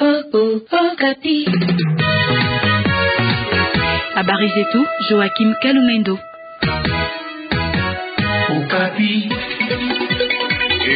Oh, oh, oh, Habari zetu Joachim Kalumendo. Okapi.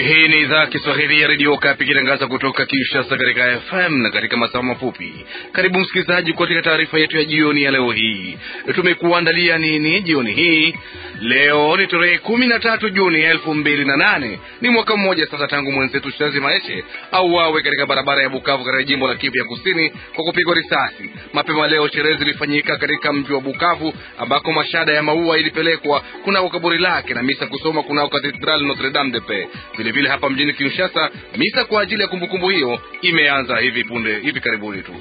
Hii ni idhaa Kiswahili ya redio Kapi ikitangaza kutoka Kinshasa katika FM na katika masafa mafupi. Karibu msikilizaji, katika taarifa yetu ya jioni ya leo hii. Tumekuandalia nini jioni hii? Leo ni tarehe kumi na tatu Juni elfu mbili na nane. Ni mwaka mmoja sasa tangu mwenzetu Shazi Maeshe auawe katika barabara ya Bukavu katika jimbo la Kivu ya Kusini kwa kupigwa risasi. Mapema leo sherehe zilifanyika katika mji wa Bukavu ambako mashada ya maua ilipelekwa kunako kaburi lake na misa kusoma kunako Katedrali Notre Dame de Paix. Vilevile vile hapa mjini Kinshasa, misa kwa ajili ya kumbukumbu hiyo imeanza hivi punde, hivi karibuni tu.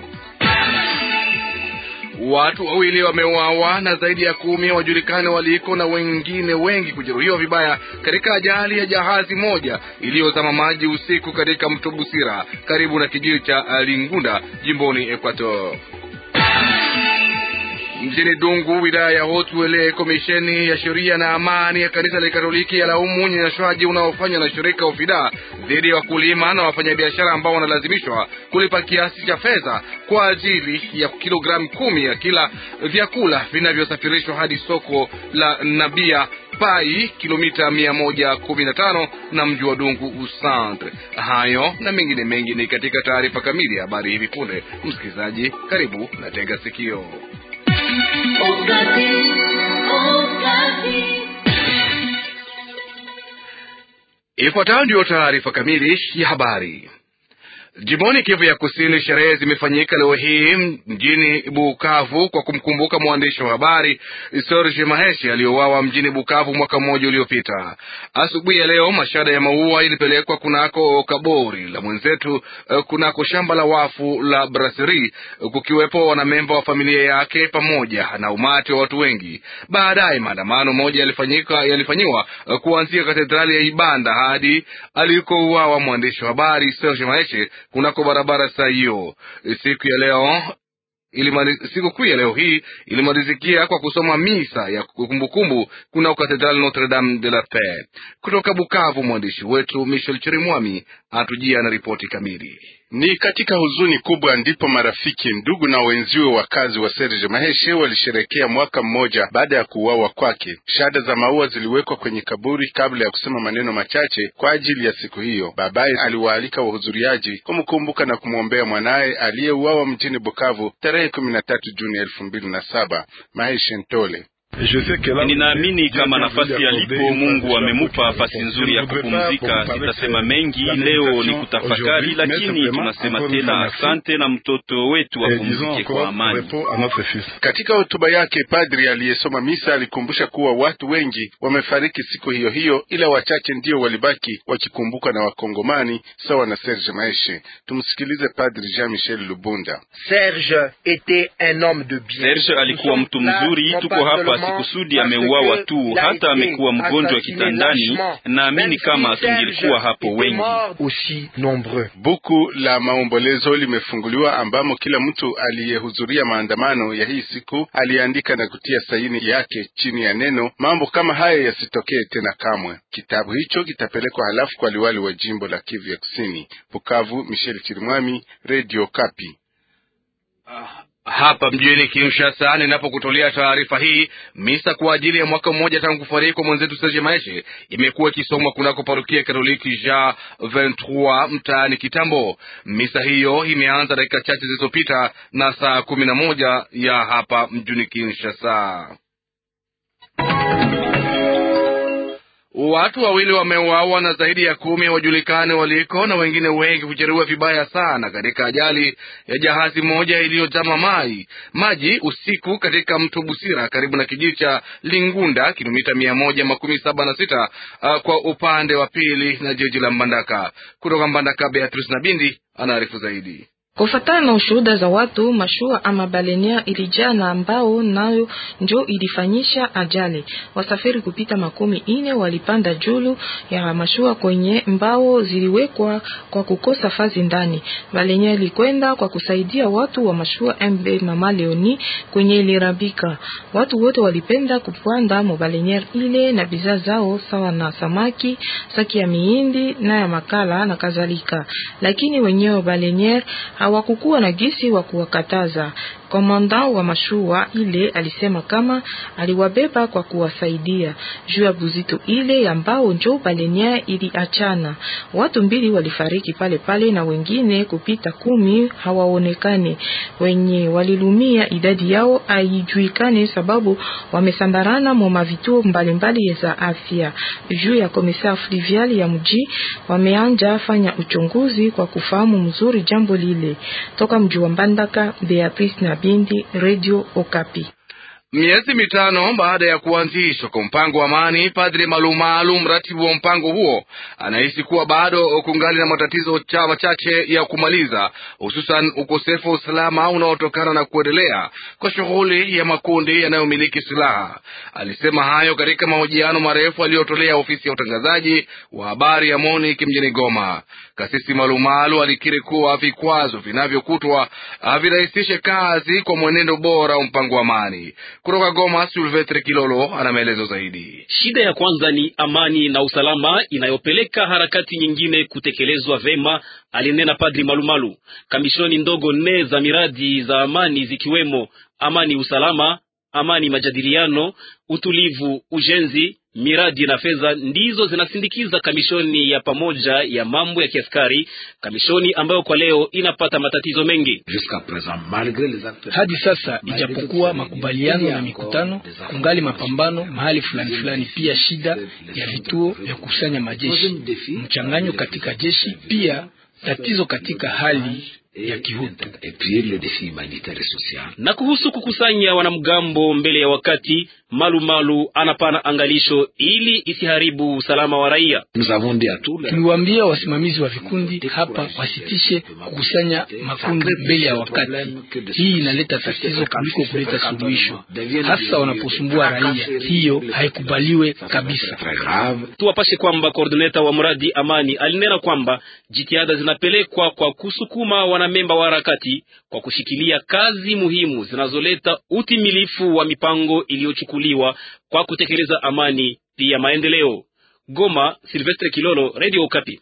Watu wawili wameuawa na zaidi ya kumi wajulikane waliko na wengine wengi kujeruhiwa vibaya katika ajali ya jahazi moja iliyozama maji usiku katika mto Busira karibu na kijiji cha Lingunda jimboni Equator mjini Dungu, wilaya ya Hotwele. Komisheni ya sheria na amani ya kanisa la Katoliki laumu unyanyashwaji unaofanywa na shirika Ofida dhidi ya wakulima na wafanyabiashara ambao wanalazimishwa kulipa kiasi cha fedha kwa ajili ya kilogramu kumi ya kila vyakula vinavyosafirishwa hadi soko la Nabia Pai, kilomita 115 na mji wa Dungu usantre. Hayo na mengine mengi ni katika taarifa kamili ya habari hivi punde. Msikilizaji, karibu na tega sikio. Ifuatayo ndiyo taarifa kamili ya habari. Jimboni Kivu ya Kusini, sherehe zimefanyika leo hii mjini Bukavu kwa kumkumbuka mwandishi wa habari Serge Maheshi aliyouawa mjini Bukavu mwaka mmoja uliopita. Asubuhi ya leo mashada ya maua ilipelekwa kunako kaburi la mwenzetu eh, kunako shamba la wafu la Brasiri, eh, kukiwepo wanamemba wa familia yake pamoja na umati wa watu wengi. Baadaye maandamano moja yalifanyika yalifanyiwa eh, kuanzia katedrali ya Ibanda hadi alikouawa mwandishi wa habari Serge Maheshi kunako barabara saa hiyo. Siku ya leo sikukuu ya leo hii ilimalizikia kwa kusoma misa ya kumbukumbu kuna Katedrali Notre Dame de la Paix. Kutoka Bukavu, mwandishi wetu Michel Chirimwami atujia na ripoti kamili. Ni katika huzuni kubwa ndipo marafiki, ndugu na wenziwe wakazi wa Serge Maheshe walisherekea mwaka mmoja baada ya kuuawa kwake. Shada za maua ziliwekwa kwenye kaburi kabla ya kusema maneno machache kwa ajili ya siku hiyo. Babaye aliwaalika wahudhuriaji kumkumbuka na kumwombea mwanaye aliyeuawa mjini Bukavu tarehe kumi na tatu Juni elfu mbili na saba Maheshe Ntole. Ninaamini kama nafasi alipo Mungu amemupa fasi nzuri ya kupumzika. Sitasema mengi leo, ni kutafakari, lakini tunasema tena asante na mtoto wetu apumzike kwa amani. Katika hotuba yake, padri aliyesoma misa alikumbusha kuwa watu wengi wamefariki siku hiyo hiyo, ila wachache ndio walibaki wakikumbuka na Wakongomani sawa na Serge Maeshe. Tumsikilize Padri Jean Michel Lubunda. Serge, était un homme de bien. Serge alikuwa mtu mzuri, tuko hapa basi kusudi ameuawa tu, hata amekuwa mgonjwa kitandani. Naamini kama tungilikuwa hapo wengi. Buku la maombolezo limefunguliwa ambamo kila mtu aliyehudhuria maandamano ya hii siku aliandika na kutia saini yake chini ya neno mambo kama haya yasitokee tena kamwe. Kitabu hicho kitapelekwa halafu kwa liwali wa jimbo la Kivu ya Kusini. Bukavu, Michel Chirimwami, Radio Kapi. Ah. Hapa mjini Kinshasa ninapokutolea taarifa hii, misa kwa ajili ya mwaka mmoja tangu kufariki kwa mwenzetu Serge Maeshe imekuwa ikisomwa kunako parokia Katoliki ja 23 mtaani Kitambo. Misa hiyo imeanza dakika chache zilizopita na saa kumi na moja ya hapa mjini Kinshasa. Watu wawili wameuawa na zaidi ya kumi wajulikane waliko na wengine wengi kujeruhiwa vibaya sana katika ajali ya jahazi moja iliyojama mai maji usiku katika mto Busira karibu na kijiji cha Lingunda, kilomita mia moja makumi saba na sita uh, kwa upande wa pili na jiji la Mbandaka. Kutoka Mbandaka, Beatrice Nabindi anaarifu zaidi. Kufatana na ushuhuda za watu, mashua ama balenia ilijaa na ambao nayo njo ilifanyisha ajali. Wasafiri kupita makumi ine walipanda julu ya mashua kwenye mbao ziliwekwa kwa kukosa fazi ndani. Balenia ilikwenda kwa kusaidia watu wa mashua MB Mama Leoni kwenye ilirabika. Watu wote walipenda kupanda mobalenia ile na bidhaa zao sawa na samaki, saki ya miindi na ya makala na kadhalika. Lakini wenyewe balenier hawakukuwa na gisi wa kuwakataza. Komanda wa mashua ile alisema kama aliwabeba kwa kuwasaidia juu ya buzito ile ambao njo balenia iliachana. Watu mbili walifariki pale pale na wengine kupita kumi hawaonekane. Wenye walilumia idadi yao haijuikane, sababu wamesambarana mwa vituo mbalimbali za afya. Juu ya komisa fluvial ya mji wameanja fanya uchunguzi kwa kufahamu mzuri jambo lile. Toka mji wa Mbandaka, Beatrice na Kabindi, Radio Okapi. Miezi mitano baada ya kuanzishwa kwa mpango wa amani, Padre Malumalu, mratibu wa mpango huo, anahisi kuwa bado kungali na matatizo cha machache ya kumaliza, hususan ukosefu wa usalama unaotokana na kuendelea kwa shughuli ya makundi yanayomiliki silaha. Alisema hayo katika mahojiano marefu aliyotolea ofisi ya utangazaji wa habari ya MONUC mjini Goma. Kasisi Malumalu alikiri kuwa vikwazo vinavyokutwa havirahisishe kazi kwa mwenendo bora wa mpango wa amani. Kutoka Goma, Silvestre Kilolo ana maelezo zaidi. Shida ya kwanza ni amani na usalama inayopeleka harakati nyingine kutekelezwa vema, alinena Padri Malumalu. Kamishoni ndogo nne za miradi za amani zikiwemo amani, usalama, amani, majadiliano, utulivu, ujenzi, miradi na fedha ndizo zinasindikiza kamishoni ya pamoja ya mambo ya kiaskari, kamishoni ambayo kwa leo inapata matatizo mengi hadi sasa. Ijapokuwa makubaliano na mikutano, kungali mapambano mahali fulani fulani, pia shida ya vituo vya kukusanya majeshi, mchanganyo katika jeshi, pia tatizo katika hali Eh, ya eh, na kuhusu kukusanya wanamgambo mbele ya wakati, Malumalu malu anapana angalisho ili isiharibu usalama wa raia. Tuliwaambia wasimamizi wa vikundi hapa wasitishe kukusanya makundi mbele ya wakati. Hii inaleta tatizo kuliko kuleta suluhisho, hasa wanaposumbua raia. Hiyo haikubaliwe kabisa. Tuwapashe kwamba koordineta wa mradi Amani alinena kwamba jitihada zinapelekwa kwa kusukuma wanamemba wa harakati kwa kushikilia kazi muhimu zinazoleta utimilifu wa mipango iliyochukuliwa kwa kutekeleza amani pia maendeleo. Goma, Silvestre Kilolo, Radio Okapi.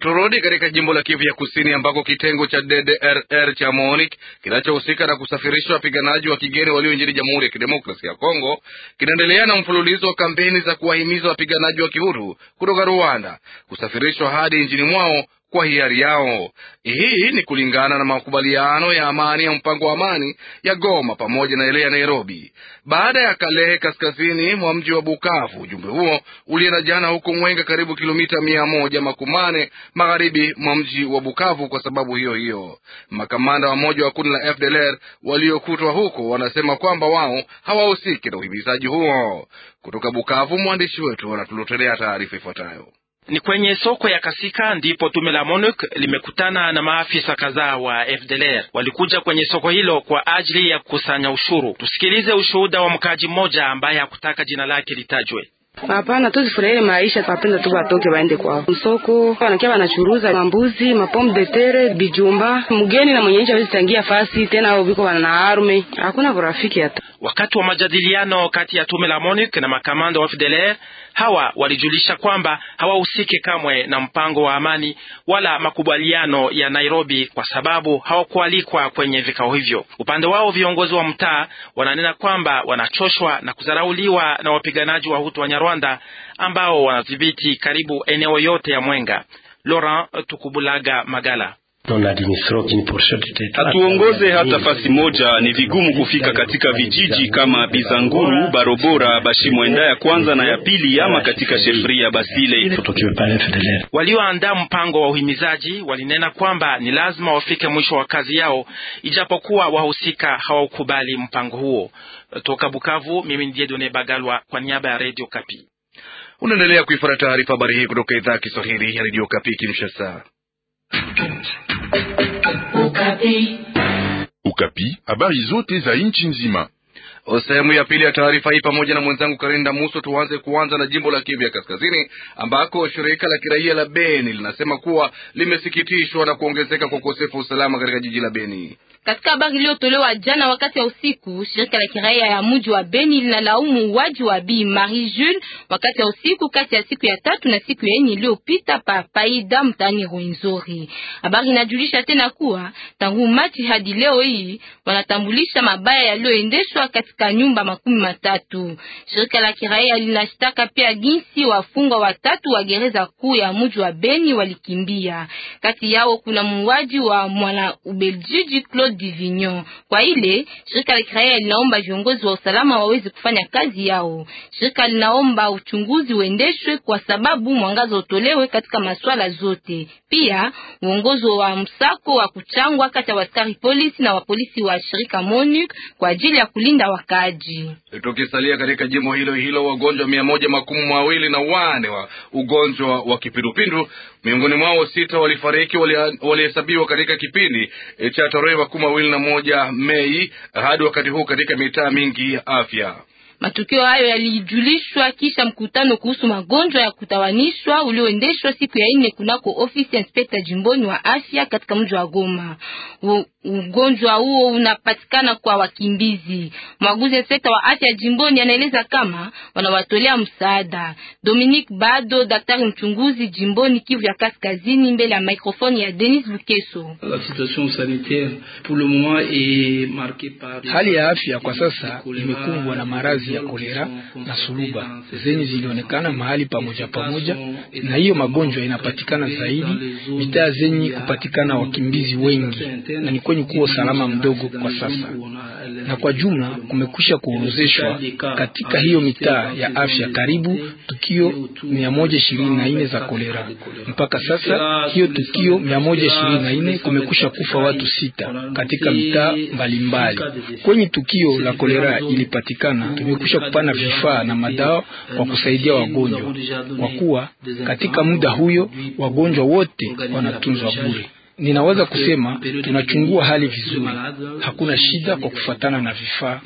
Turudi katika jimbo la Kivu ya Kusini ambako kitengo cha DDRR cha MONUC kinachohusika na kusafirisha wapiganaji wa kigeni walio nchini Jamhuri ya Kidemokrasia ya Kongo kinaendelea na mfululizo wa kampeni za kuwahimiza wapiganaji wa kihuru kutoka Rwanda kusafirishwa hadi nchini mwao kwa hiari yao. Hii ni kulingana na makubaliano ya amani ya mpango wa amani ya Goma pamoja na ile ya Nairobi. Baada ya Kalehe, kaskazini mwa mji wa Bukavu, ujumbe huo ulienda jana huko Mwenga, karibu kilomita mia moja makumane magharibi mwa mji wa Bukavu. Kwa sababu hiyo hiyo, makamanda wamoja wa kundi la FDLR waliokutwa huko wanasema kwamba wao hawahusiki na uhimizaji huo. Kutoka Bukavu, mwandishi wetu anatuletea taarifa ifuatayo. Ni kwenye soko ya Kasika ndipo tume la MONUC limekutana na maafisa kadhaa wa FDLR. Walikuja kwenye soko hilo kwa ajili ya kukusanya ushuru. Tusikilize ushuhuda wa mkaaji mmoja ambaye hakutaka jina lake litajwe. Hapana, tuzifurahie maisha, tunapenda tu watoke waende kwao msoko. Wanakia wanachuruza mambuzi, mapombe de terre, bijumba. Mgeni na mwenyeji hawezi tangia fasi tena, ao viko wana arme, hakuna urafiki hata. Wakati wa majadiliano kati ya tume la MONUC na makamanda wa FDLR Hawa walijulisha kwamba hawahusiki kamwe na mpango wa amani wala makubaliano ya Nairobi kwa sababu hawakualikwa kwenye vikao hivyo. Upande wao, viongozi wa mtaa wananena kwamba wanachoshwa na kudharauliwa na wapiganaji wa Hutu wa Nyarwanda ambao wanadhibiti karibu eneo yote ya Mwenga. Laurent Tukubulaga Magala hatuongoze hata fasi moja. Ni vigumu kufika katika vijiji kama Bizanguru, Barobora, Bashimwenda ya kwanza na ya pili, ama katika Shefria Basile. Walioandaa mpango wa uhimizaji walinena kwamba ni lazima wafike mwisho wa kazi yao, ijapokuwa wahusika hawaukubali mpango huo. Toka Bukavu, mimi ni Jedone Bagalwa kwa niaba ya Radio Kapi. Unaendelea kuifuata taarifa habari hii kutoka idhaa ya Kiswahili ya Radio Kapi Kinshasa. Ukapi. Ukapi, habari zote za nchi nzima. Sehemu ya pili ya taarifa hii pamoja na mwenzangu Karinda Muso. Tuanze kuanza na jimbo la Kivu ya Kaskazini ambako shirika la kiraia la Beni linasema kuwa limesikitishwa na kuongezeka kwa ukosefu wa usalama katika jiji la Beni. Katika habari iliyotolewa jana wakati wa usiku, shirika la kiraia ya mji wa Beni linalaumu uwaji wa Bi Marie Jules wakati wa usiku kati ya siku ya tatu na siku ya nne iliyopita pa Paida mtaani Rwenzori. Habari inajulisha tena kuwa tangu Machi hadi leo hii wanatambulisha mabaya yaliyoendeshwa katika nyumba makumi matatu. Shirika la kiraia linashtaka pia jinsi wafungwa watatu wa gereza kuu ya mji wa Beni walikimbia. Kati yao kuna muuaji wa mwana Ubeljiji Claude Divignon. Kwa ile shirika la kiraia linaomba viongozi wa usalama waweze kufanya kazi yao. Shirika linaomba uchunguzi uendeshwe kwa sababu mwangazo utolewe katika masuala zote. Pia uongozi wa msako wa kuchangwa kati ya askari polisi na wapolisi wa shirika MONUC kwa ajili ya kulinda wakaaji. Tukisalia katika jimbo hilo hilo, wagonjwa mia moja makumi mawili na wane wa ugonjwa wa kipindupindu, miongoni mwao sita walifariki, walihesabiwa wali katika kipindi eh, cha tarehe makumi mawili na moja Mei hadi wakati huu katika mitaa mingi ya afya. matukio hayo yalijulishwa kisha mkutano kuhusu magonjwa ya kutawanishwa ulioendeshwa siku ya nne kunako ofisi ya inspekta jimboni wa afya katika mji wa Goma ugonjwa huo unapatikana kwa wakimbizi. Mwaguzi sekta wa afya jimboni anaeleza kama wanawatolea msaada. Dominique Bado, daktari mchunguzi jimboni Kivu ya Kaskazini, mbele ya mikrofoni ya Denis Bukeso. Hali ya afya kwa sasa imekumbwa na maradhi ya kolera na suluba zenye zilionekana mahali pamoja pamoja, na hiyo magonjwa inapatikana zaidi mitaa zenye kupatikana wakimbizi wengi na ni kwenye kuwa salama mdogo kwa sasa, na kwa jumla kumekwisha kuorozeshwa katika hiyo mitaa ya afya karibu tukio 124 za kolera. Mpaka sasa hiyo tukio 124 kumekwisha kufa watu sita katika mitaa mbalimbali. Kwenye tukio la kolera ilipatikana, tumekwisha kupana vifaa na madawa kwa kusaidia wagonjwa, kwa kuwa katika muda huyo wagonjwa wote wanatunzwa bure. Ninaweza kusema tunachungua hali vizuri, hakuna shida kwa kufuatana na vifaa.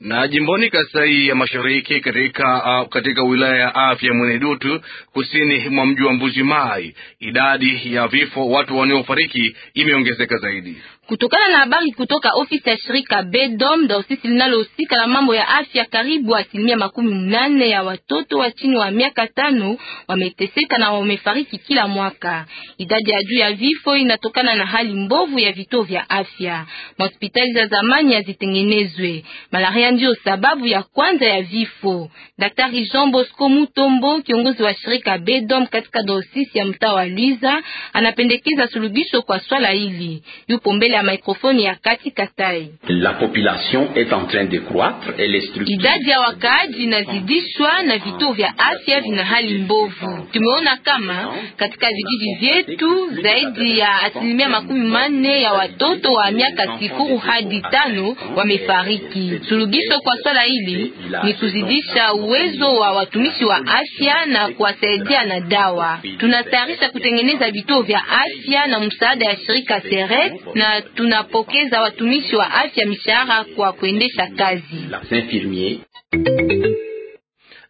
Na jimboni Kasai ya Mashariki katika, uh, katika wilaya ya afya Mwenedutu kusini mwa mji wa Mbuji Mai, idadi ya vifo watu wanaofariki imeongezeka zaidi. Kutokana na habari kutoka ofisi ya shirika Bedom ofisi linalohusika na mambo ya afya, karibu asilimia makumi mnane ya watoto wa chini wa miaka tano wameteseka na wamefariki kila mwaka. Idadi ya juu ya vifo inatokana na hali mbovu ya vituo vya afya. Mahospitali za zamani hazitengenezwe. Malaria ndio sababu ya kwanza ya vifo. Daktari Jean Bosco Mutombo, kiongozi wa shirika Bedom katika dosisi ya mtaa wa Luiza, anapendekeza suluhisho kwa swala hili. Yupo mbele ya mikrofoni ya Kati Katai. La population est en train de croître et les structures. Idadi ya wakaaji inazidishwa na vituo vya afya vina hali mbovu. Tumeona kama katika vijiji vyetu zaidi ya asilimia makumi manne ya watoto wa miaka sifuru hadi tano wamefariki. Suluhisho Agizo kwa swala hili ni kuzidisha uwezo wa watumishi wa afya na kuwasaidia na dawa. Tunatayarisha kutengeneza vituo vya afya na msaada ya shirika Seret, na tunapokeza watumishi wa afya mishahara kwa kuendesha kazi.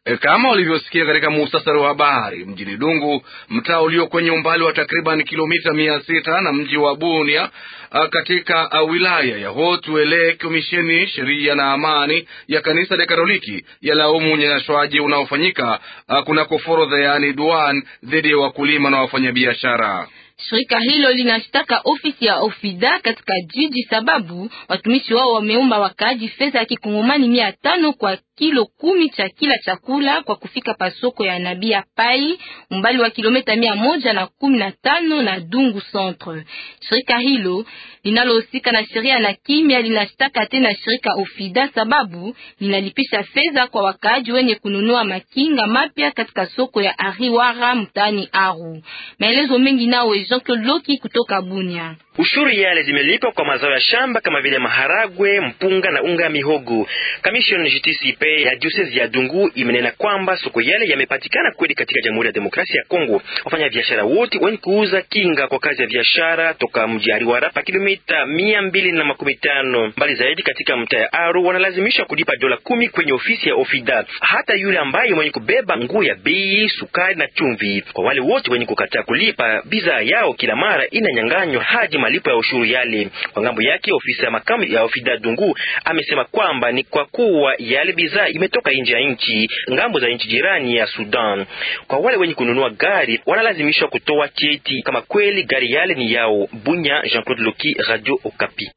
Eh, kama ulivyosikia katika muhtasari wa habari, mjini Dungu, mtaa ulio kwenye umbali wa takriban kilomita mia sita na mji wa Bunia eh, katika eh, wilaya ya hotwele Komisheni Sheria na Amani ya Kanisa la Katoliki ya laumu unyanyashwaji unaofanyika kunako forodha, yaani duan, dhidi ya wakulima na wafanyabiashara. Shirika hilo linashtaka ofisi ya Ofida katika jiji sababu watumishi wao wameomba wakaaji fedha ya kikongomani mia tano kwa kilo kumi cha kila chakula kwa kufika pasoko ya nabia Pai umbali wa kilomita mia moja na kumi na tano na Dungu Centre. Shirika hilo linalohusika na sheria na kimya linashtaka tena shirika Ofida sababu linalipisha fedha kwa wakaaji wenye kununua makinga mapya katika soko ya Ariwara mtani Aru. Maelezo mengi nawe l'eau qui coûte au Kabounia. Ushuru yale zimelipwa kwa mazao ya shamba kama vile maharagwe, mpunga na unga ya mihogo. Commission JTCP ya diocese ya Dungu imenena kwamba soko yale yamepatikana kweli katika Jamhuri ya Demokrasia ya Kongo. Wafanya biashara wote wenye kuuza kinga kwa kazi ya biashara toka mji Ariwara pa kilomita mia mbili na makumi tano mbali zaidi katika mtaa ya Aru wanalazimishwa kulipa dola kumi kwenye ofisi ya Ofida, hata yule ambaye mwenye kubeba nguo ya bei, sukari na chumvi. Kwa wale wote wenye kukataa kulipa, bidhaa yao kila mara inanyanganywa hadi malipo ya ushuru yale. Kwa ngambo yake, ofisa ya makamu ya ofida Dungu amesema kwamba ni kwa kuwa yale bidhaa imetoka nje ya nchi, ngambo za nchi jirani ya Sudan. Kwa wale wenye kununua gari wanalazimishwa kutoa cheti kama kweli gari yale ni yao. Bunya, Jean-Claude Loki, Radio Okapi.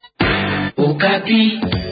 Okapi.